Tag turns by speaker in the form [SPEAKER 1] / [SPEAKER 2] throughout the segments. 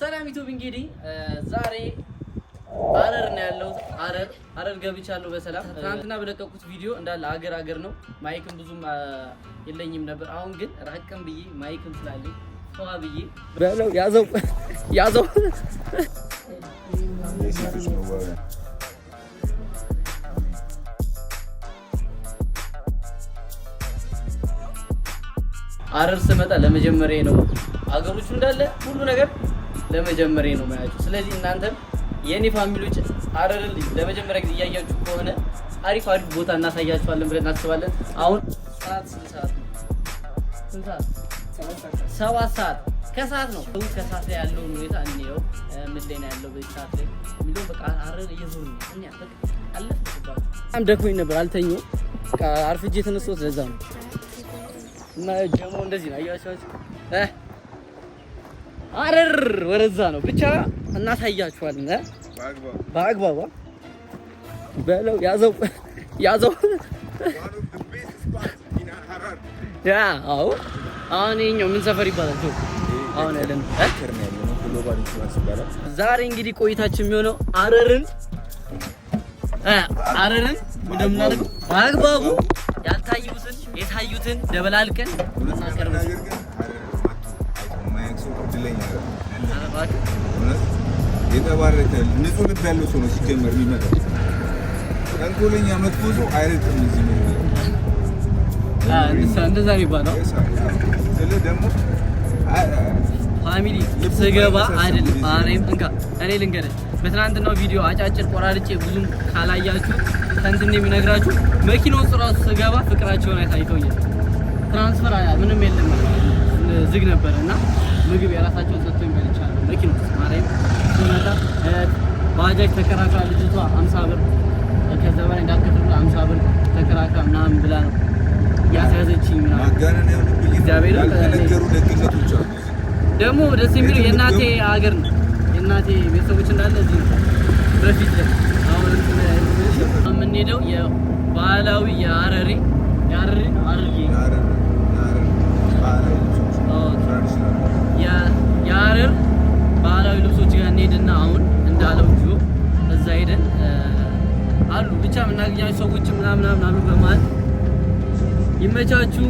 [SPEAKER 1] ሰላም ዩቲዩብ። እንግዲህ ዛሬ አረር ነው ያለሁት። አረር አረር ገብቻለሁ በሰላም። ትናንትና በለቀቁት ቪዲዮ እንዳለ አገር አገር ነው። ማይክም ብዙም የለኝም ነበር። አሁን ግን ራቅም ብዬ ማይክም ስላለኝ ተዋ ብዬ ያዘው ያዘው አረር ስመጣ ለመጀመሪያ ነው። አገሮቹ እንዳለ ሁሉ ነገር ለመጀመሪያ ነው ማያችሁ። ስለዚህ እናንተም የእኔ ፋሚሊዎች ሐረር ለመጀመሪያ ጊዜ እያያችሁ ከሆነ አሪፍ አሪፍ ቦታ እናሳያችኋለን ብለን እናስባለን። አሁን ሰዓት ስንት ሰዓት ነው? ሰባት ሰዓት ከሰዓት ነው። ከሰዓት ላይ ያለውን ሁኔታ እንየው። ምን ላይ ነው ያለው በዚህ ሰዓት ላይ የሚለው በቃ ሐረር እየዞር ነው። እኛ በጣም ደክሞኝ ነበር አልተኙ በቃ አርፍጄ የተነሳሁት ለዛ ነው። እና ጀሞ እንደዚህ ነው አያቸዋቸው አረር ወረዛ ነው ብቻ እናሳያችኋለን። በአግባባ በለው ያዘው ያዘው። ያ አዎ፣ አሁን ይኸኛው ምን ሰፈር ይባላል? አሁን ያለን ዛሬ እንግዲህ ቆይታችን የሚሆነው አረርን አረርን እንደምናደርገው በአግባቡ ያልታዩትን የታዩትን ደበላልቀን እናቀርባለን። እድለኛል።
[SPEAKER 2] የተባረከ ንጹህ ልብ ያለው ሰው ነው ሲጀመር የሚመጣው። ተንኮለኛ መጥፎ ሰው አይረጥም እዚህ
[SPEAKER 1] እንደዛ የሚባለው ስለ ደግሞ ፋሚሊ ስገባ አይደለም። አሬም እንካ እኔ ልንገርህ፣ በትናንትናው ቪዲዮ አጫጭር ቆራርጬ ብዙም ካላያችሁ ከንትን የሚነግራችሁ መኪና ውስጥ ራሱ ስገባ ፍቅራቸውን አይታይተውኛል። ትራንስፈር ምንም የለም ዝግ ነበር እና ምግብ የራሳቸውን ሰጥቶ ይመልቻሉ። መኪና ውስጥ ማለት ስመጣ ባጃጅ ተከራክራ ልጅቷ አምሳ ብር ከዛ በላይ እንዳልከፍል አምሳ ብር ተከራክራ ምናምን ብላ ነው ያስያዘችኝ ደግሞ ደስ የሚለው የእናቴ ሀገር ነው። የእናቴ ቤተሰቦች እንዳለ እዚህ በፊት አሁን የምንሄደው የባህላዊ የሀረሪ የሀረሪ አርጌ የሀረር ባህላዊ ልብሶች ጋር እንሄድና አሁን እንዳለው ጆ እዛ ሄደን አሉ ብቻ የምናገኛቸው ሰዎች ምናምናምን አሉ በማለት ይመቻችሁ።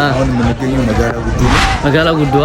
[SPEAKER 2] አሁን የምንገኘው መጋላ ጉዱ መጋላ ጉዱዋ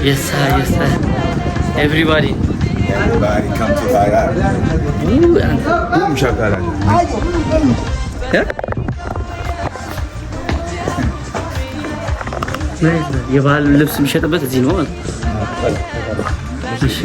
[SPEAKER 1] Yes, sir, yes, sir. Everybody.
[SPEAKER 2] Everybody come to Thailand. Ooh, and... Boom, shakara.
[SPEAKER 1] يبقى اللبس مش هتبقى تزين هون ماشي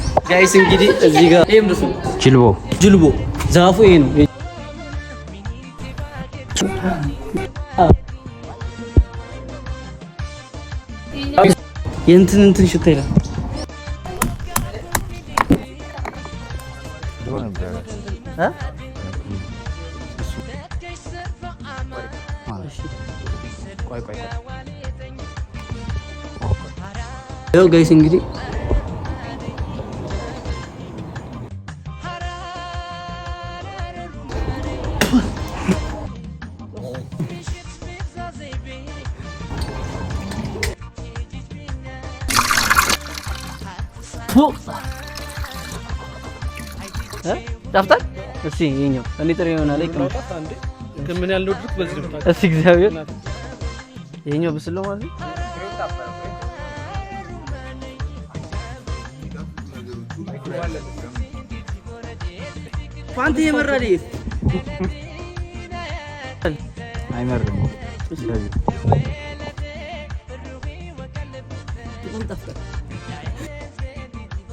[SPEAKER 1] ጋይስ እንግዲህ እዚህ ጋር ይሄም ደስ ጅልቦ ጅልቦ ዛፉ ይሄ ነው። የእንትን እንትን ሽታ ይላል። ያው ጋይስ እንግዲህ ጣፍጣል እሺ፣ ይሄኛው እኔ ጥሬ የሆነ ላይ ቅም
[SPEAKER 3] ከምን ያለው ድርክ በዚህ
[SPEAKER 1] ነው። እግዚአብሔር ይሄኛው ብስል ነው ማለት ነው። ፓንቲ የመረዲ አይመርም። ስለዚህ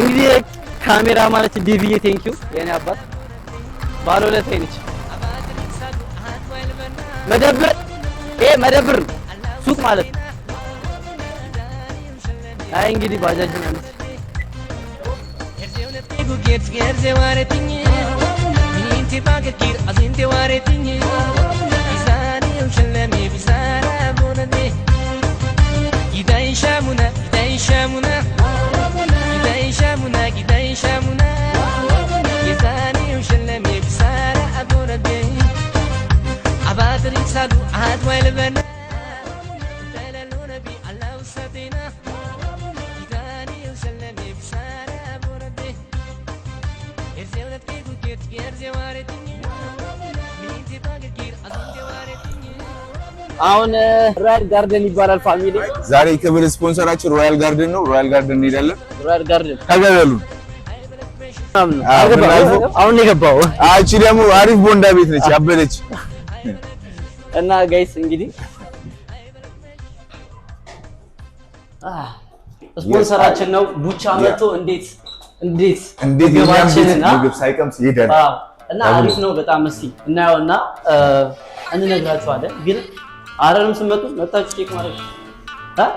[SPEAKER 1] እንግዲህ ካሜራ ማለት ዲቪዬ ቴንኪው የኔ አባት ባለውለታዬ ነች። መደብር ይሄ መደብር ነው ሱቅ ማለት ነው። አይ እንግዲህ ባጃጅ
[SPEAKER 4] ማለት ነው
[SPEAKER 1] አሁን ሮያል ጋርደን ይባላል ፋሚሊ።
[SPEAKER 2] ዛሬ ክብር ስፖንሰራችን ሮያል ጋርደን ነው። ሮያል ጋርደን እንሄዳለን። ሮያል ጋርደን ተገበሉ። አሁን የገባው አቺ ደግሞ አሪፍ ቦንዳ ቤት ነች ያበለች
[SPEAKER 1] እና ጋይስ እንግዲህ ስፖንሰራችን ነው። ቡቻ መጥቶ እንዴት እንዴት
[SPEAKER 2] እንዴት ምግብ ሳይቀምስ ይሄዳል
[SPEAKER 1] እና አሪፍ ነው በጣም እስቲ እናየውና እንነግራችኋለን። ግን አረርም ስመጡ መጣችሁ ቼክ ማድረግ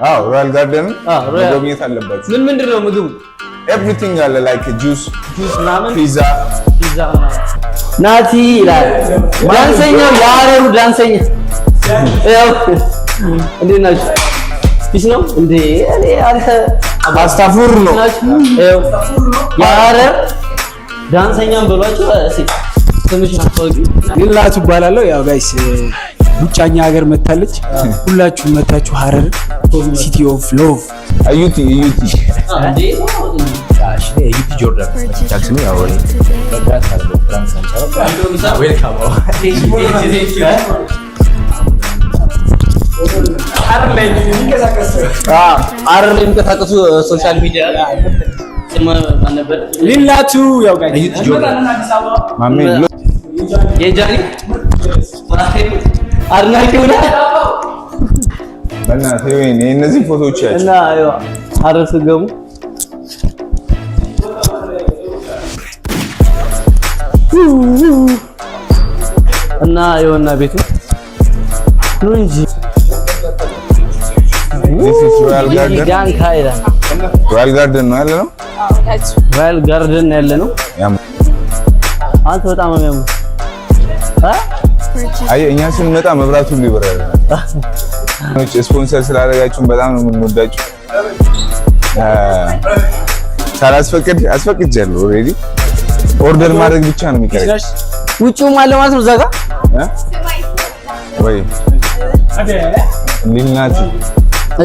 [SPEAKER 1] አዎ
[SPEAKER 2] ሮያል ጋርደንን መጎብኘት አለበት።
[SPEAKER 1] ምን ምንድን ነው ምግቡ?
[SPEAKER 2] ኤቭሪቲንግ አለ ላይክ ጁስ፣
[SPEAKER 1] ፒዛ ናቲ ይላል። ዳንሰኛ የሀረሩ ዳንሰኛ እንዴት ናችሁ? ፒስ ነው እንዴ? አንተ
[SPEAKER 2] አስታፉር ነው
[SPEAKER 1] የሀረር ዳንሰኛም በሏቸው። ትንሽ አስታወቂ።
[SPEAKER 2] እባላለሁ። ያው ጋይስ ውጭ ሀገር መታለች። ሁላችሁም መታችሁ ሀረርን ሲቲ ኦፍ ሎቭ አዩቲ
[SPEAKER 1] አዩቲ የሚንቀሳቀሱ ሶሻል ሚዲያ ሊላቱ ያው አድናቂ ሆነ
[SPEAKER 2] እነዚህ ፎቶዎች እና
[SPEAKER 1] ሀረር ስትገቡ እና የሆና ቤቱ ነው
[SPEAKER 2] እንጂ ሮያል ጋርደን ነው ያለ ነው።
[SPEAKER 1] ሮያል ጋርደን ነው ያለ ነው። አንተ በጣም ነው
[SPEAKER 2] አይ እኛ ስንመጣ መብራቱን ሊበራል ስፖንሰር ስላደረጋችሁን በጣም ነው የምንወዳችሁ። ሳላስፈቅድ አስፈቅጃለሁ። ኦልሬዲ ኦርደር ማድረግ ብቻ ነው የሚቀረኝ።
[SPEAKER 1] ውጪውም አለ ማለት ነው እዛ ጋር
[SPEAKER 2] ወይ ሊናቲ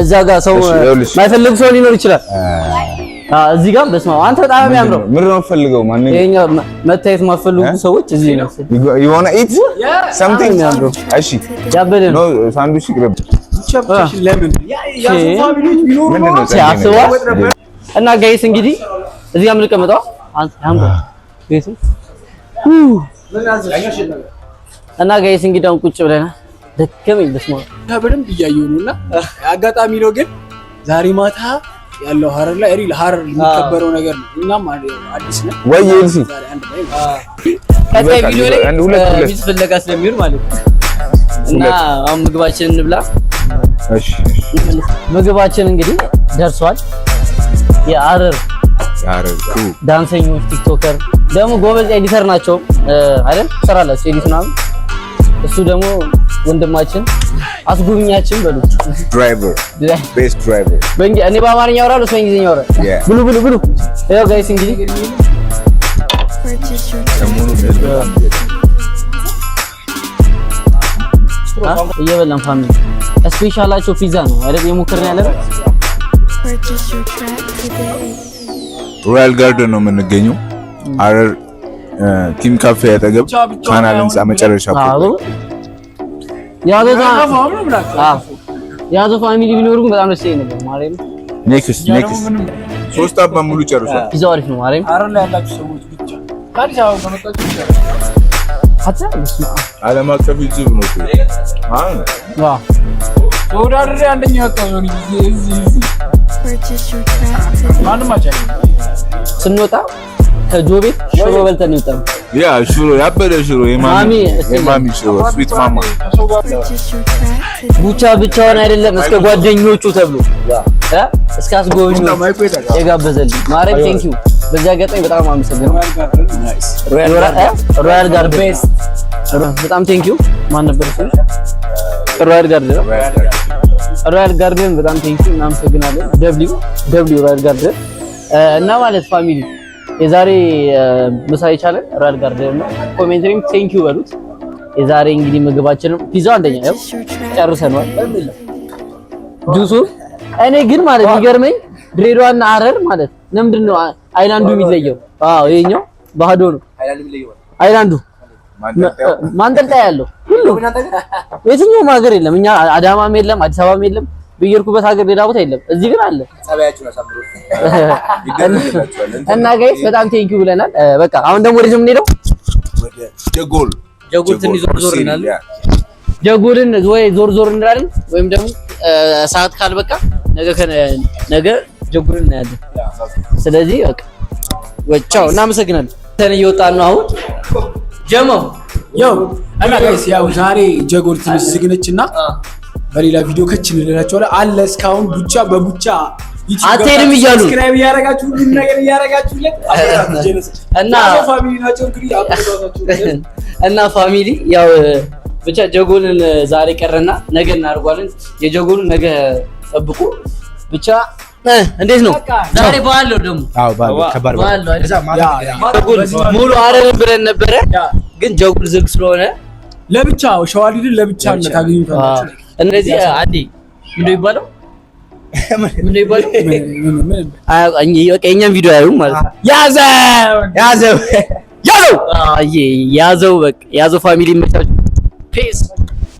[SPEAKER 1] እዛ ጋር ሰው ማይፈልግ ሰው ሊኖር ይችላል። እዚህ ጋር በስማ አንተ በጣም የሚያምረው ምን ነው ፈልገው ማን መታየት ማፈልጉ ሰዎች እዚህ ነው የሆነ
[SPEAKER 2] ኢት ሰምቲንግ እሺ ያበደ ነው ሳንዱሽ ይቅርብ
[SPEAKER 1] እና ጋይስ እንግዲህ እዚህ ጋር የምንቀመጠው እና ጋይስ እንግዲህ አሁን ቁጭ ብለናል። ደከመኝ በስማ በደንብ እያየሁ ነው። እና አጋጣሚ ነው ግን ዛሬ ማታ ያለው ሀረር ላይ ሪል ሀረር የሚከበረው ነገር ነው። እኛም አዲስ ነው ወይ ይልሲ ከዚህ ቪዲዮ ላይ ሚስ ፍለጋ ስለሚሆን ማለት ነው እና አሁን ምግባችንን እንብላ። ምግባችን እንግዲህ ደርሷል። የአረር ዳንሰኞች ቲክቶከር ደግሞ ጎበዝ ኤዲተር ናቸው አይደል? ትሰራላችሁ ኤዲት ምናምን። እሱ ደግሞ ወንድማችን አስጎብኛችን በሉት
[SPEAKER 2] ድራይቨር ቤስት ድራይቨር
[SPEAKER 1] በእንግዲህ እኔ በአማርኛ አወራለሁ፣ እሱ በእንግሊዝኛ ያወራል። ብሉ ብሉ ብሉ። ያው ጋይስ እንግዲህ እየበላን ፋሚሊ Especially Sufizano, Arab Mukarnalar.
[SPEAKER 2] ሮያል ጋርደን ነው የምንገኘው። ሀረር ኪም ካፌ አጠገብ ቻናል ህንፃ መጨረሻ
[SPEAKER 1] የአቶ ፋሚሊ ቢኖሩ በጣም ደስ ይለኝ ነበር። ማርያም ኔክስት ኔክስት
[SPEAKER 2] ሶስት አባ ሙሉ ጨርሷል። ፒዛው
[SPEAKER 1] አሪፍ ነው። ማርያም ሀረር ላይ ያላችሁ ሰዎች ብቻ ታዲያ ያው ከመጣችሁ ይቻላል። አታ
[SPEAKER 2] አለም አቀፍ ይዝብ ነው። አዎ
[SPEAKER 1] ተወዳድሬ አንደኛ ወጣሁ። የሆነ ጊዜ ማንም ስንወጣ ከጆ ቤት ሽሮ በልተን እንወጣ። ያ ሽሮ
[SPEAKER 2] ያበደ ሽሮ የማሚ የማሚ ሽሮ ስዊት ማማ
[SPEAKER 1] ቡቻ ብቻውን አይደለም እስከ ጓደኞቹ ተብሎ እስከ አስጎብኞቹ የጋበዘልኝ ማረግ ቴንክ ዩ። በዚህ አጋጣሚ በጣም አመሰግናለሁ። ሮያል ጋርደን በጣም ቴንክ ዩ። ማን ነበር? ሮያል ጋርደን ሮያል ጋርደን በጣም ቴንኪ እናመሰግናለን። ደብሊው ደብሊው ሮያል ጋርደን እና ማለት ፋሚሊ የዛሬ ምሳ የቻለ ሮያል ጋርደን ነው። ኮሜንትሪም ቴንኪ በሉት። የዛሬ እንግዲህ ምግባችንም ፒዛ አንደኛ ያው ጨርሰናል። ጁሱ እኔ ግን ማለት ይገርመኝ ድሬዳዋና አረር ማለት ለምንድን ነው አይላንዱ የሚለየው? አዎ ይሄኛው ባህዶ ነው አይላንዱ ማንጠልጠያ ያለው ሁሉ የትኛውም ሀገር የለም። እኛ አዳማም የለም፣ አዲስ አበባም የለም፣ ብየርኩበት ሀገር ሌላ ቦታ የለም። እዚህ ግን አለ። እና ጋይስ በጣም ቴንኪ ብለናል። በቃ አሁን ደግሞ ወደ ምን ሄደው ጀጎል ጀጎል ትንሽ ዞር ዞር እንላለን። ጀጎልን ወይ ዞር ዞር እንላለን ወይም ደግሞ ሰዓት ካልበቃ ነገ ነገ ጀጎልን እናያለን። ስለዚህ በቃ ወቻው እናመሰግናለን። ተን እየወጣን ነው አሁን ጀሞ ያው እና ጋይስ ያው ዛሬ ጀጎል ትንሽ ዝግነች እና በሌላ ቪዲዮ ከች እንላችኋለን። አለ እስካሁን ቡቻ በቡቻ አትሄድም እያሉ ስክራይብ እያረጋችሁ ሁሉም ነገር እያረጋችሁለት እና ፋሚሊ ያው ብቻ ጀጎልን ዛሬ ቀረና ነገ እናደርጓለን። የጀጎሉን ነገ ጠብቁ ብቻ እንዴት ነው ዛሬ? በዓል ነው ደግሞ። አዎ በዓል ነው። ሙሉ አረብ ብለን ነበረ፣ ግን ጀጉል ዝግ ስለሆነ ለብቻ ሸዋሊድን ለብቻ ታገኙታላችሁ። እንደዚህ አንዴ ምንድን ነው የሚባለው? የኛም ቪዲዮ ያዩም ማለት ነው። ያዘው ያዘው ያዘው ያዘው ያዘው ፋሚሊ መቻች ፔስ